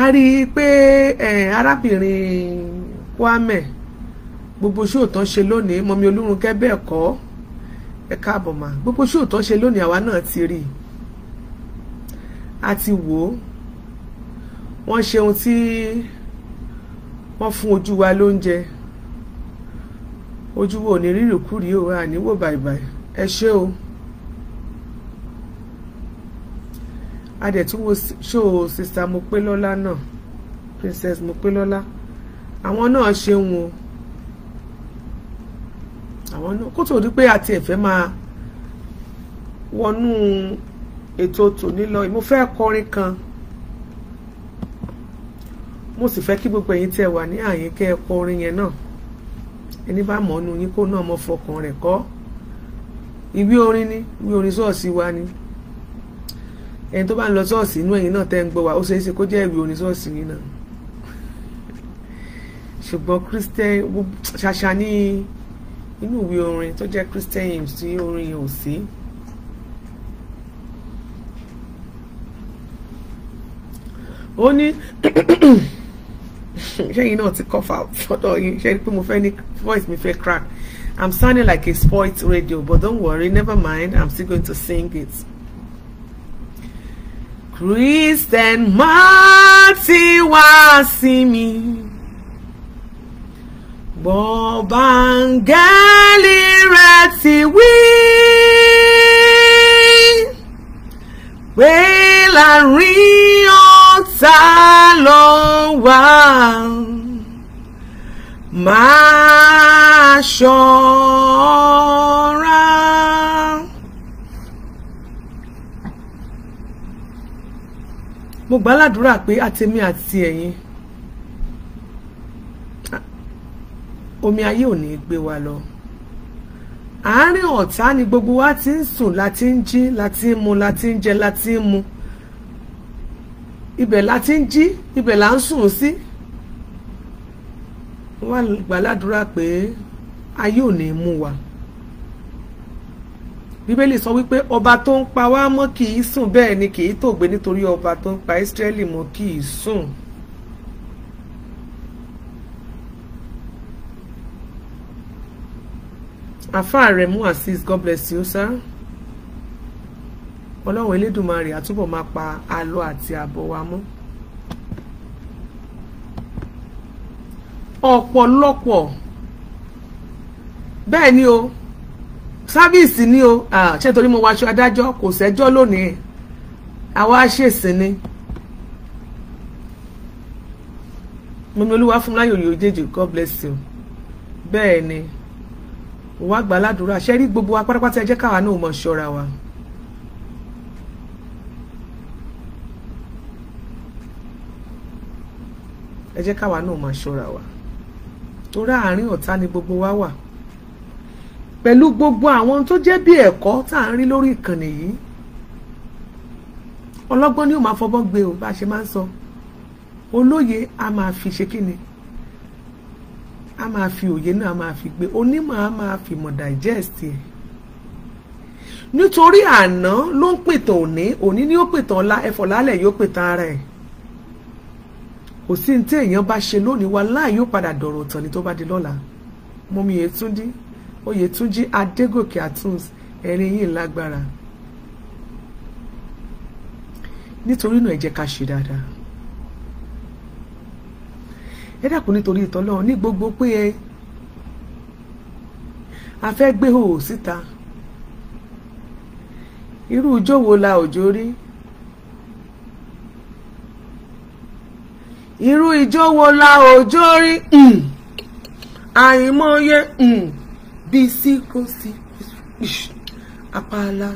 a rí i pé arábìnrin Kwame gbogbo ṣó tán ṣe lónìí mọ̀mí Olúrunkẹ́ bẹ́ẹ̀ kọ́ ẹ káàbọ̀ mà gbogbo ṣó tán ṣe lónìí àwa náà ti rí i a ti wò ó wọ́n ṣe ohun tí wọ́n fún ojú wa lóúnjẹ ojú wo ò ní o àníwò bàìbàì ẹ ṣé o. adẹ̀túnwò ṣó sista Mopélọ́lá náà Princess Mopélọ́lá àwọn náà ṣeun o àwọn náà kó tó di pé àti ẹ̀fẹ́ máa wọnú ètò tòní lọ mo fẹ́ kọrin kan mo sì fẹ́ kí gbogbo ẹ̀yin tẹ́ wà ní àyè kẹ́ ẹ kọrin yẹn náà ẹni bá mọ̀ ọ́nu yín kó náà mọ̀ fọkàn rẹ̀ kọ́ ìwé orin ni ìwé orin ṣọ́ọ̀ṣì wa ni ẹni tó bá ń lọ ṣọ́ọ̀ṣì inú ẹ̀yin náà tẹ́ ń gbọ́ wa ó ṣeéṣe kó jẹ́ ìwé oní yín náà ṣùgbọ́n christian ṣàṣà ní inú ìwé orin tó jẹ́ christian hymns tí orin yẹn ò sí. ó ní ṣẹ́yìn náà ti cough out yín ṣe pé mo fẹ́ ní voice mi fẹ́ crack I'm sounding like a spoilt radio but don't worry never mind I'm still going to sing it. Christian Marty wá sí mi. Bọ̀bángẹ́lì rẹ̀ ti wí. Pé láàrin ọ̀tá ló wà. Máa ṣọ́. mo gbà ládùúrà pé àtèmi àti ẹ̀yin omi ayé ò ní gbé wa lọ àárín ọ̀tá ni gbogbo wa ti ń sùn láti ń jí láti ń mu láti ń jẹ láti ń mu ibẹ̀ láti ń jí ibẹ̀ là ń sùn sí wọ́n gbà ládùúrà pé ayé ò ní mú wa bíbélì sọ wípé ọba tó ń pa wá mọ́ kì í sùn bẹ́ẹ̀ ni kì í tògbé nítorí ọba tó ń pa Ísírẹ́lì mọ́ kì í sùn. àfáà rẹ̀ mú assist God bless you sir. ọlọ́run elédùnmarè àtúbọ̀ máa pa àlọ àti àbọ̀ wa mọ́. ọ̀pọ̀lọpọ̀ bẹ́ẹ̀ ni o sáfíìsì ni o ṣé nítorí mo wáṣọ adájọ́ kò sẹ́jọ́ lónìí àwa ṣèsìn ni mo ní olúwa fún láyò yóò jèjì god bless you bẹ́ẹ̀ ni wà gbà ládùúrà ṣe rí gbogbo wa pátápátá ẹ jẹ́ káwa náà mọ̀ ṣọ́ra wa. ẹ jẹ́ káwa náà mọ̀ ṣọ́ra wa torí àárín ọ̀tá ni gbogbo wa wà pẹ̀lú gbogbo àwọn tó jẹ́ bí ẹ̀kọ́ tá à ń rí lórí ìkànnì yìí ọlọ́gbọ́n ni ó máa fọgbọ́n gbé o bá a ṣe máa ń sọ olóye a máa fi ṣe kíni a máa fi òye náà a máa fi gbé onímọ̀ a máa fi mọ̀ digest ẹ̀ nítorí àná ló ń pìtàn òní òní ni ó pìtàn ọ̀la ẹ̀fọ́ lálẹ́ yóò pìtàn ara ẹ̀ kò sí ní tí èèyàn bá ṣe lónìí wa láàyò padà dọ̀rọ̀ tán ni tó bá di lọ́la mọ́mí yẹn Oyètúnjí Adégòkè Atunes ẹ̀rín yìí lágbára nítorí náà ẹ jẹ́ ká ṣe dáadáa ẹ dákun nítorí ìtọ́lọ́run ní gbogbo pé ẹ a fẹ́ gbé hòhò síta irú ijó wo la òjò rí irú ijó wo la òjò rí hmm. àìmọye. Mm bisikọsi apala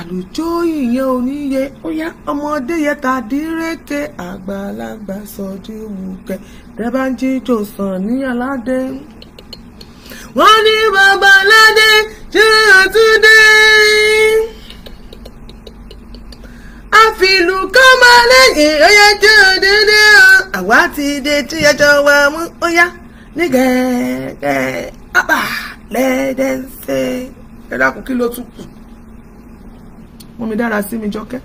àlùjọ ìyẹn oníyẹ ó yá ọmọdé yẹ tàdírẹ́kẹ́ àgbàlagbà sọdí wùkẹ́ tẹ́bánjíjò sàn ní aládé. wọ́n ní bàbá aládé ṣé àtúndé. àfìlù kan máa lẹ́yìn ọyá jẹ́ òdédé. àwa ti dé tí ẹjọ́ wa mú ó yá ní gẹ́gẹ́ àbà lẹ́ẹ̀dẹ́ ń fẹ́ ẹ dákun kí ló tún kù mú mi dára sí mi jọkẹ́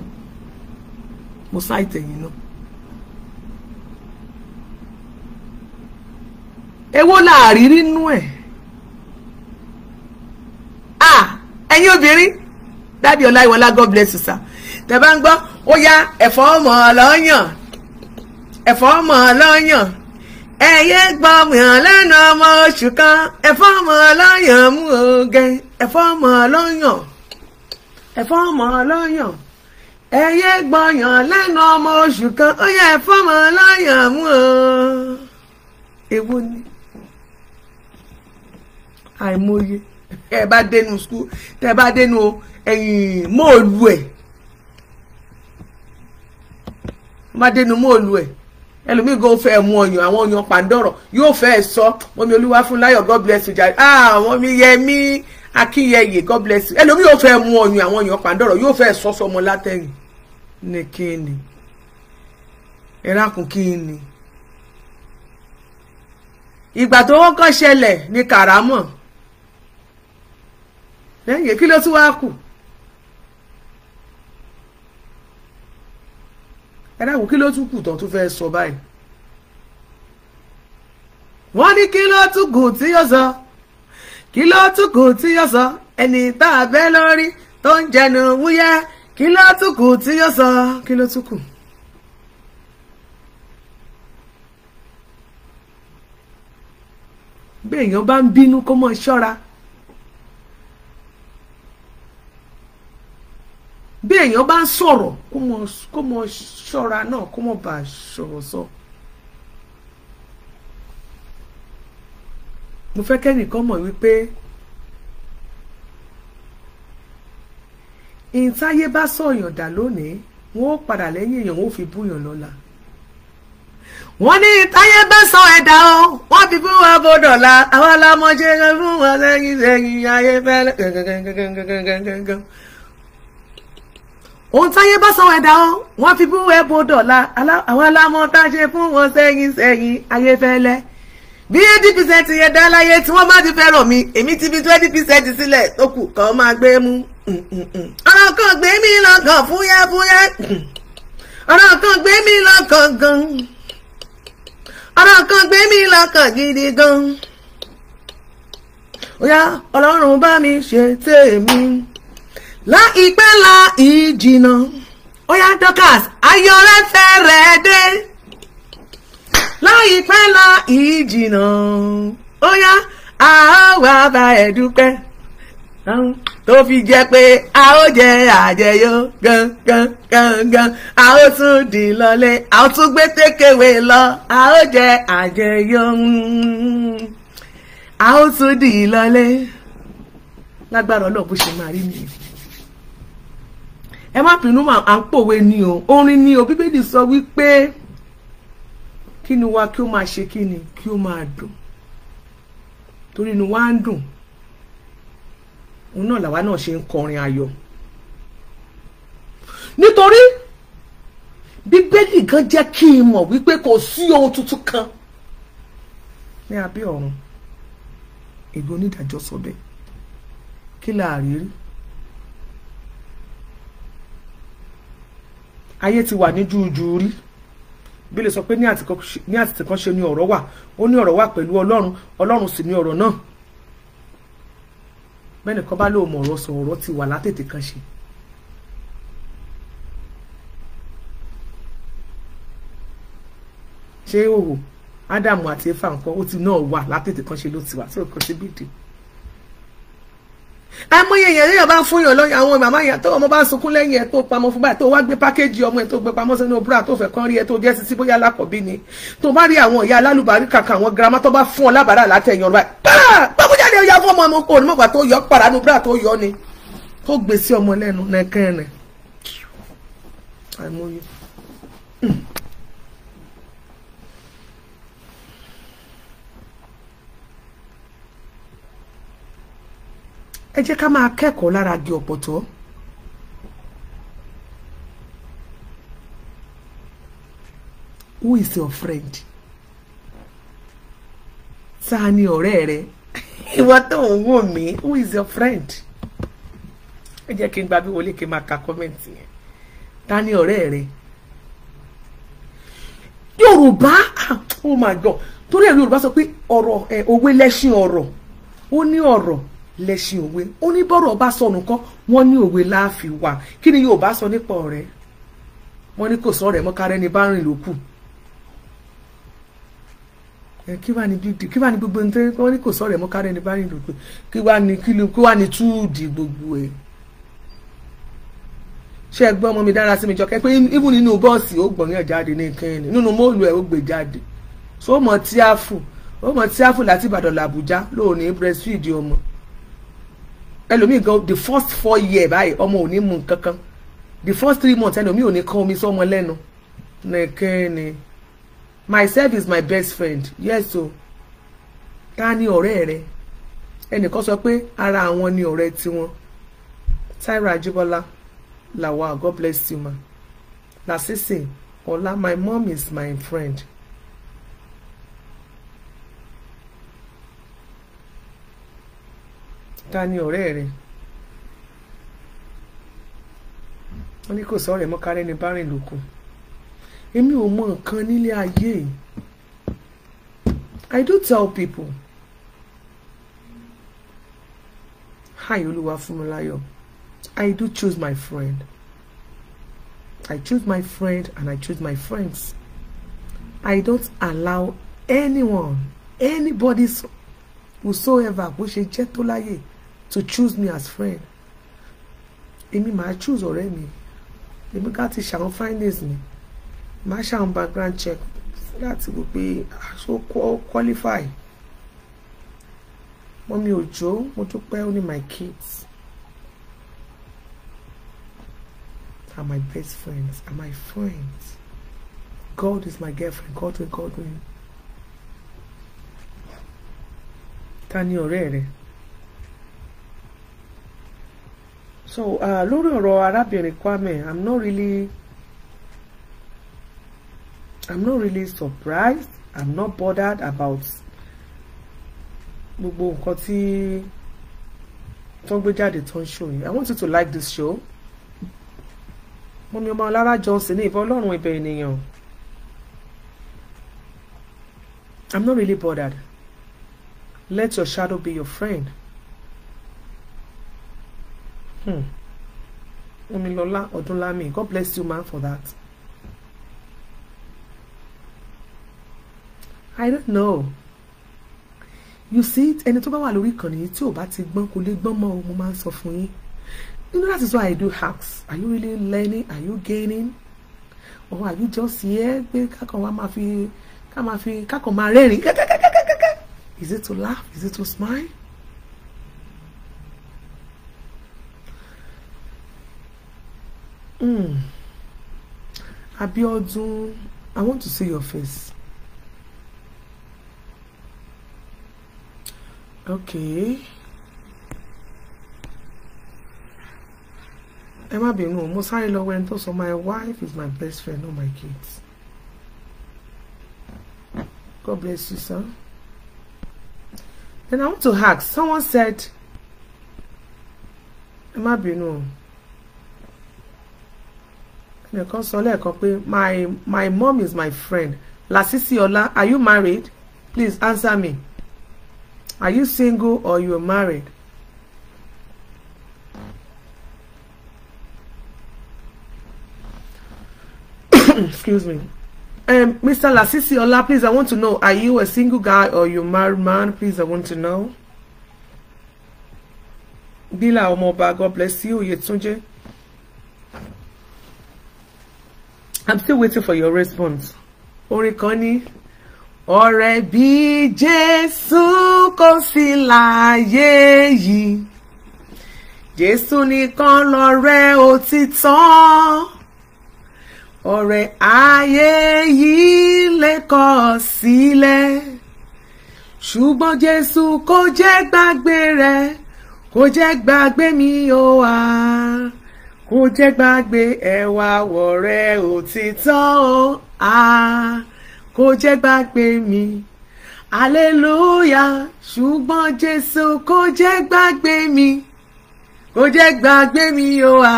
mo ṣàìtẹ̀ yìí náà. èwo làárírí nú ẹ̀ ah ẹ̀yin obìnrin dábì ọláìwọlá god bless you sir tẹ̀ bá ń gbọ́ ó yá ẹ̀fọ́ ọmọ ọlọ́yàn ẹ̀fọ́ ọmọ ọlọ́yàn ẹ̀yẹ́ gbọ́mìíràn lẹ́nu ọmọ oṣù kan ẹ̀fọ́ ọmọ ọlọ́yàn mú oge ẹ̀fọ́ ọmọ ọlọ́yàn ẹ̀fọ́ ọmọ ọlọ́yàn ẹ̀yẹ́ gbọ́yàn lẹ́nu ọmọ oṣù kan ó yẹ ẹ̀fọ́ ọmọ ọlọ́yàn mú o èwo ni àìmọye ẹ bá dénú skul tẹ bá dénú ẹ̀yìn móòlù ẹ̀ bá dénú móòlù ẹ̀ ẹlòmíì gan fẹ́ mú ọyàn àwọn ọyàn pàǹdọ̀rọ̀ yóò fẹ́ sọ mọ́mí olúwa fún láyọ̀ god bless you jàre ah mi mọ́mí yẹmí akínyẹyẹ god bless you ẹlòmíì yóò fẹ́ mú ọyàn àwọn ọyàn pàǹdọ̀rọ̀ yóò fẹ́ sọ sọmọ látẹ̀yìn ní kíni ẹ̀rákùn kíni. ìgbà tó wọ́n kọ́ ṣẹlẹ̀ ní kàrámọ̀ lẹ́yìn kí ló tún wá kù dákun kí ló tún kù tán tó fẹ́ sọ báyìí wọ́n ní kí ló tún kù tí yóò sọ kí ló tún kù tí yóò sọ ẹni tá a bẹ́ lórí tó ń jẹnu wúyẹ́ kí ló tún kù tí yóò sọ kí ló tún kù. bí èèyàn bá ń bínú kó mọ ṣọ́ra bí èèyàn bá ń sọ̀rọ̀ kó mọ ṣọ́ra náà kó mọ bá sọ̀rọ̀ sọ. mo fẹ́ kẹ́nìkan mọ̀ wípé ìntayé bá sọ̀yàn dà lónìí wọ́n ó padà lẹ́yìn èèyàn wọ́n ó fi búyàn lọ́la. wọ́n ní ìntayé bá sọ ẹ̀dá o wọ́n fi fún wa bó dọ̀la àwa la mọ̀ ṣe fún wa lẹ́yìn lẹ́yìn ayé fẹ́lẹ́ gangan ohun táyé bá sanwó ẹ̀dá wọn wọ́n fi bú ẹ̀bùn dọ̀la àwọn alámọ̀ tá a ṣe fún wọn sẹ́yìn sẹ́yìn ayéfẹ́lẹ́ bí eighty percent yẹn dá láyé tí wọ́n bá ti fẹ́ràn mi èmi ti fi twenty percent sílẹ̀ tó kù kàn máa gbé mú ọ̀rọ̀ kan gbé mi lọ́kàn fúyẹ́fúyẹ́ ọ̀rọ̀ kan gbé mi lọ́kàn gan ọ̀rọ̀ kan gbé mi lọ́kàn gidi gan ó yá ọlọ́run bá mi ṣe tèmi láìpẹ́ la ìjìnà óyá Dorkas ayọ̀rẹ́sẹ̀ rẹ̀ dé láìpẹ́ la ìjìnà óyá àáwá bá ẹ̀ dúpẹ́ tó fi jẹ́ pé a ó jẹ àjẹyó gangan gangan a ó tún dì lọlé a ó tún gbé tékèwé lọ a ó jẹ àjẹyó a ó tún dì lọlé lágbára Ọlọ́run ṣe máa rí nìyẹn ẹ má bínú mà à ń pòwe ni o orin ni o bíbélì sọ wípé kí ni wa kí ó máa ṣe kí ni kí ó máa dùn torí inú wa ń dùn òun náà làwa náà ṣe ń kọrin ayọ̀ nítorí bíbélì gan jẹ́ kí n mọ̀ wípé kò sí ohun tuntun kan ní abẹ́ ọ̀run ègbé onídàájọ́ sọ bẹ́ẹ̀ kí la rí. ayé ti wà ní júùjù rí bílẹ̀ sọ pé ní àtìkọ́ ṣe ni ọ̀rọ̀ wà ó ní ọ̀rọ̀ wà pẹ̀lú ọlọ́run ọlọ́run sì ni ọ̀rọ̀ náà bẹ́ẹ̀ nìkan bá lóun ọ̀rọ̀ sọ ọ̀rọ̀ ti wà látètè kan ṣe. ṣé òwò ádámù àti éfà nǹkan ó ti náà wà látètè kan ṣe ló ti wà tí ò kàn sí bídìí àìmọye èèyàn lèèyàn bá ń fún yàn lọ́yàn àwọn màmá yẹn tó ọmọ bá ń sunkún lẹ́yìn ẹ̀ tó pamọ́ fún báyìí tó wá gbé pákéjì ọmọ ẹ̀ tó gbé pamọ́ sínú búra tó fẹ́ kán rí ẹ̀ tó jẹ́ sisi bóyá lákọ̀ọ́bí ni tó bá rí àwọn ìyá alálùbárí kàkà àwọn girama tó bá fún ọ lábàárà látẹ̀yàn báyìí pápájáde ọ̀yà fún ọmọ ọmọ kò ní mọ̀gbà tó yọ paranu búra tó yọ ni tó gbé ọmọ lẹ́nu nẹ́kẹ́rin àìmọye. ẹ jẹ́ ká máa kẹ́kọ̀ọ́ lára igi ọ̀pọ̀tọ́ who is your friend ta ni ọ̀rẹ́ rẹ ìwọ tó ń wò mí who is your friend ẹ jẹ́ kí n gba bí wọlé kí n máa ka kọ́mẹ́ǹtì yẹn ta ni ọ̀rẹ́ rẹ yorùbá oh my god torí ẹ̀ yorùbá sọ pé ọ̀rọ̀ ẹ̀ òwe lẹ́ṣin ọ̀rọ̀ ó ní ọ̀rọ̀ lẹ́ṣin òwe ó ní bọ́rọ̀ bá sọnù kọ́ wọ́n ní òwe láàfin wà kí ni yóò bá sọ nípa ọ̀rẹ́ wọ́n ní kò sọ ọ̀rẹ́ mọ́kárẹ́ ni bá rìn lókù kí wàá ní dídì kí wàá ní gbogbo nítorí wọ́n ní kò sọ ọ̀rẹ́ mọ́kárẹ́ ni bá rìn lókù kí wàá ní kí wàá ní túùdì gbogbo ẹ̀ ṣé ẹ gbọ́ ọmọ mi dára sí mi jọ kẹ́pẹ́ even nínú bọ́ọ̀sì ó gbọ̀nyàn jáde ní kẹ́hìn nínú móòlù ẹ̀ ó ẹlòmíì gan the first four year báyìí ọmọ ò ní mu nǹkan the first three months ẹlòmíì ò ní kán omi sọmọ lẹ́nu nìkan ni myself is my best friend yes o ta ni ọ̀rẹ́ rẹ ẹnìkan sọ pé ara àwọn ni ọ̀rẹ́ tiwọn Tyra Ajibola Lawal God bless you ma Lasisin Ọlá my mom is my friend. ta ọ̀rẹ́ rẹ̀ wọ́n ní kò sọ̀rọ̀ mọ́ kárẹ́ ní bárìn lókun èmi ò mọ nǹkan nílé ayé I do tell people hi olúwa fúnmiláyọ̀ I do choose my friend I choose my friend and I choose my friends I don't allow anyone anybody whosoever bó ṣe jẹ́ tó láyè to choose me as friend èmi màá choose ọ̀rẹ́ mi èmi ká ti ṣàwọn findings mi màá ṣàwọn background check láti wò pé aṣọ qualify wọn mi ò jó mo dúpẹ́ ó ní my kids are my best friends are my friends God is my girlfriend God Godwin Godwin ta ni ọ̀rẹ́ rẹ̀. so uh, lórí ọ̀rọ̀ arábìnrin Kwame i'm not really i'm not really surprised i'm not bothered about gbogbo nǹkan tí tó ń gbé jáde show yẹn i want you to like this show mọ́mí ọmọ ọlára johnson ní ìbọn ọlọ́run ibẹ̀ ènìyàn i'm not really bothered let your shadow be your friend. Hmm. Omilola Odunlami, God bless you, man, for that. I don't know. You see, ẹni tó bá wà lórí ìkànnì yìí tí ò bá ti gbọ́n kò lè gbọ́n mọ́ o, mo máa ń sọ fún yín. You know that is why I do hacks. Are you really learning? Are you gaining? Or are you just here pé kákan wá máa fi ká máa fi kákan máa rẹ́rìn-ín kẹ́kẹ́kẹ́kẹ́kẹ́? Is it to laugh? Is it to smile? Mm. Abiodun, I want to see your face. Okay. Emma, be no. mo sáré lọ wẹ́n tó sọ my wife is my best friend, not my kids. God bless you, sir. Then I want to ask, someone said, Emma, be no ẹnìkan sọ lẹ́ẹ̀kan pé my my mom is my friend Lasisi Ọlá are you married please answer me are you single or you married. excuse me um, Mr. Lasisi Ola, please, I want to know, are you a single guy or you married man? Please, I want to know. Bila Omoba, God bless you, Yetunje. i'm still waiting for your response orin kan ní ọ̀rẹ́ bí jésù kò sí láàyè yìí jésù nìkan lọ̀rẹ́ òtítọ́ ọ̀rẹ́ ayé yìí lè kọ̀ sílẹ̀ ṣùgbọ́n jésù kò jẹ́ gbàgbé rẹ̀ kò jẹ́ gbàgbé mi ó wà. Ah kò jẹ́ gbàgbé ẹwà wọ̀rẹ́ òtítọ́ o kò jẹ́ gbàgbé mi aleluya ṣùgbọ́n jésù kò jẹ́ gbàgbé mi kò jẹ́ gbàgbé mi o a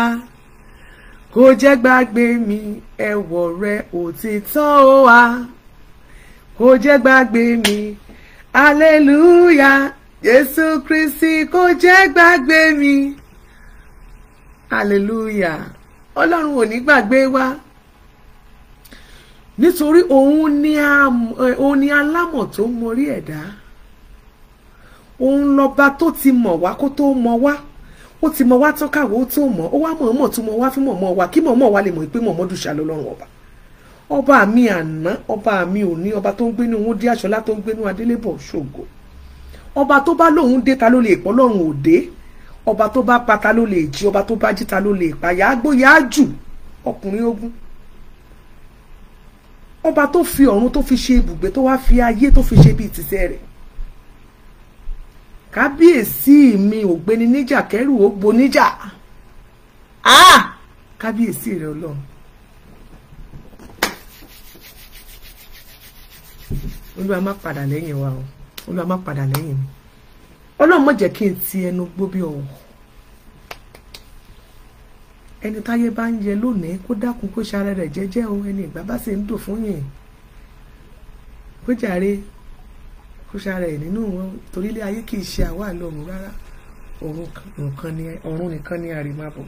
kò jẹ́ gbàgbé mi ẹwọ̀ rẹ òtítọ́ o a kò jẹ́ gbàgbé mi aleluya jésù kristi kò jẹ́ gbàgbé mi hallelujah ọlọ́run ò ní gbàgbé wa nítorí òun ni òun ni alámọ̀ tó ń morí ẹ̀dá òun lọ́ba tó ti mọ̀ wá kó tó mọ̀ wá ó ti mọ̀ wá tán káwọ́ ó tó mọ̀ ó wá mọ̀ọ́mọ̀ tó mọ̀ wá fún mọ̀ọ́mọ̀ wa kí mọ̀ọ́mọ̀ wa lè mọ̀ pé mọ̀ọ́mọ̀ dùṣà lọ́lọ́run ọba ọba mi àná ọba mi òní ọba tó ń gbénú òun dé aṣọlá tó ń gbénú adélébọ̀ ṣògo ọba tó bá lóun dé ta ló lè pọ́ lọ́run òde ọba tó bá pata ló lè jí ọba tó bá jíta ló lè pa yàgbó yàájù ọkùnrin ogun ọba tó fi ọ̀run tó fi ṣe ibùgbé tó wá fi ayé tó fi ṣe bíi tìṣẹ́ rẹ̀ kábíyèsí mi ògbéni níjà kẹrù ògbó níjà ah kábíyèsí rẹ ọlọ́run olúwa má padà lẹ́yìn wa o olúwa má padà lẹ́yìn mi ọlọ́run má jẹ́ kí n ti ẹnu gbó bí ọ̀wọ́ ẹni táyé bá ń yẹ lónìí kó dákun kó ṣara rẹ̀ jẹ́jẹ́ o ẹni ìgbà bá sì ń dùn fún yìnyín kó jàre kó ṣara ẹ̀ nínú wọn torí ilé ayé kì í ṣe àwa lọ́run rárá ọ̀run nìkan ni àrèmábọ̀.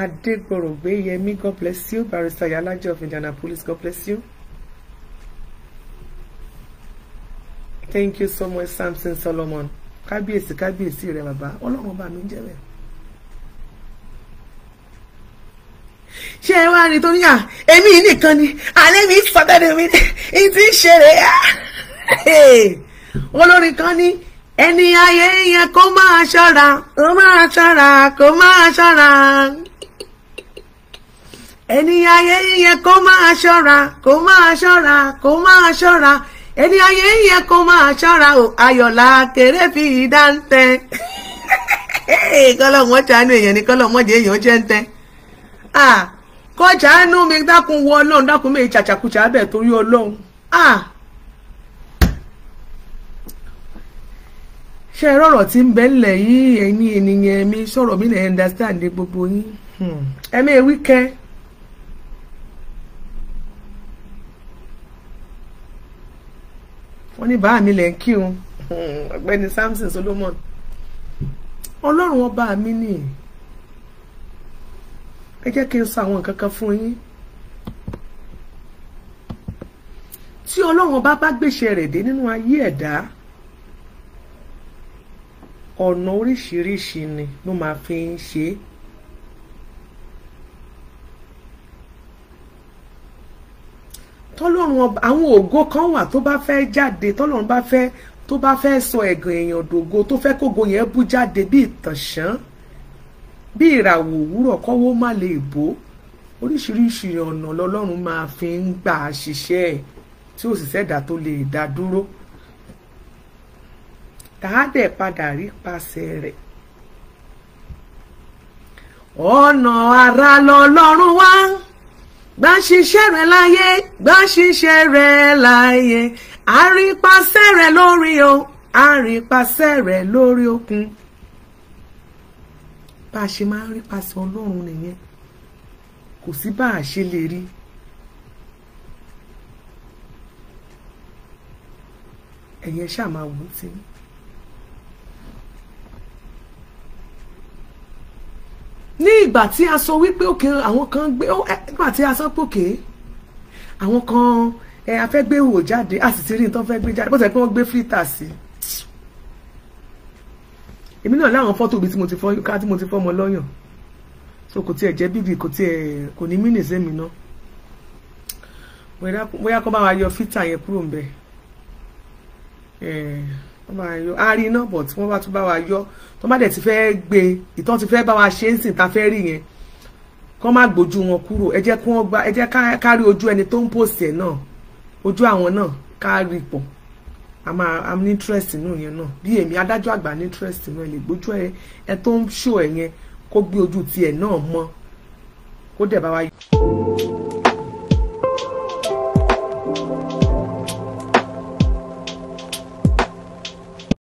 Adegborobe Yemi, God bless you. Barrister Yalaji of Indianapolis, God bless you. thank you so much Samson Solomon kábíyèsí kábíyèsí rẹ bàbá ọlọ́run bá mi jẹ́ bẹ́ẹ̀. ṣé ẹ wá ní tó níyà èmi nìkan ni àlẹ́ mi sọ́tẹ́ni mi ní ti ń ṣeré yá. olórin kan ní ẹni ayé yẹn kó máa ṣọ́ra kó máa ṣọ́ra kó máa ṣọ́ra. ẹni ayé yẹn kó máa ṣọ́ra kó máa ṣọ́ra kó máa ṣọ́ra. ẹni ayé ń yẹ kó máa ṣọ́ra o ayọ̀lá kéré fi dáńtẹ́ kọ́lọ́mọ́ ṣàánú èèyàn ni kọ́lọ́mọ́ jẹ́ èèyàn jẹ́ ń tẹ́ kọ́ ṣàánú mi dákun wọ ọlọ́run dákun mi ìṣàṣàkùṣà bẹ̀ torí ọlọ́run ṣe rọ̀rọ̀ tí ń bẹ yìí ènìyàn mi mi gbogbo yín hmm. wọ́n ní bàá mi lẹ̀ ń kírun ọ̀gbẹ́ni Samson Solomon ọlọ́run ọba mi ni ẹ jẹ́ kí n sọ àwọn nǹkan kan fún yín tí ọlọ́run ọba bá gbèsè rẹ̀ dé nínú ayé ẹ̀dá ọ̀nà oríṣiríṣi ni ló máa fi ń ṣe é. tọ́lọ́run àwọn ògo kan wà tó bá fẹ́ jáde tọ́lọ́run bá fẹ́ tó bá fẹ́ sọ ẹ̀gàn èèyàn dògo tó fẹ́ kógo yẹn bú jáde bí ìtànṣán bí ìràwọ̀ òwúrọ̀ kọ́wọ́ má lè bò oríṣiríṣi ọ̀nà lọ́lọ́run máa fi ń gbà ṣiṣẹ́ ẹ̀ tí ó sì sẹ́dá tó lè dá dúró tàádẹ̀ padà rí pasẹ̀ rẹ̀ ọ̀nà àrà lọ́lọ́run wá gbà ṣiṣẹ́ rẹ̀ láyé gbà ṣiṣẹ́ rẹ̀ láyé àrípasẹ̀ rẹ̀ lórí o àrípasẹ̀ rẹ̀ lórí òkun bá a ṣe máa ń rípasẹ̀ ọlọ́run nìyẹn kò sí bá a ṣe lè rí ẹ̀yẹ ṣáà máa wò ó ti ní. ní ìgbà tí a sọ wípé òkè àwọn kan gbé ó nígbà tí a sọ pòkè àwọn kan ẹ a fẹ́ gbé wò jáde a sì ti rí nǹkan fẹ́ gbé jáde bó ṣe pé wọ́n gbé flitter sí èmi náà láwọn fọ́tò bíi tí mo ti fọ́ ká tí mo ti fọ́ ọmọ lọ́yàn so kò tiẹ̀ jẹ́ bíbí kò tiẹ̀ kò ní mí nìṣẹ́ náà bóyá kó bá wa yọ fítà yẹn kúrò ń bẹ wọ́n máa yọ á rí iná bọ̀ tí wọ́n bá tún bá wa yọ tó má dẹ̀ ti fẹ́ gbé ìtàn ti fẹ́ bá wa ṣe ń sìn ta fẹ́ rí yẹn kọ́ má gbójú wọn kúrò ẹ jẹ́ kí wọ́n gba ẹ jẹ́ kárí ojú ẹni tó ń pòsì ẹ̀ náà ojú àwọn náà kárí pọ̀ a máa am ní interest nínú yẹn náà bí èmi adájọ́ àgbà ní interest nínú ẹ lè gbójú ẹ ẹ tó ń ṣò ẹ yẹn kó gbé ojú tiẹ̀ náà mọ́ kó dẹ̀ bá wa yọ.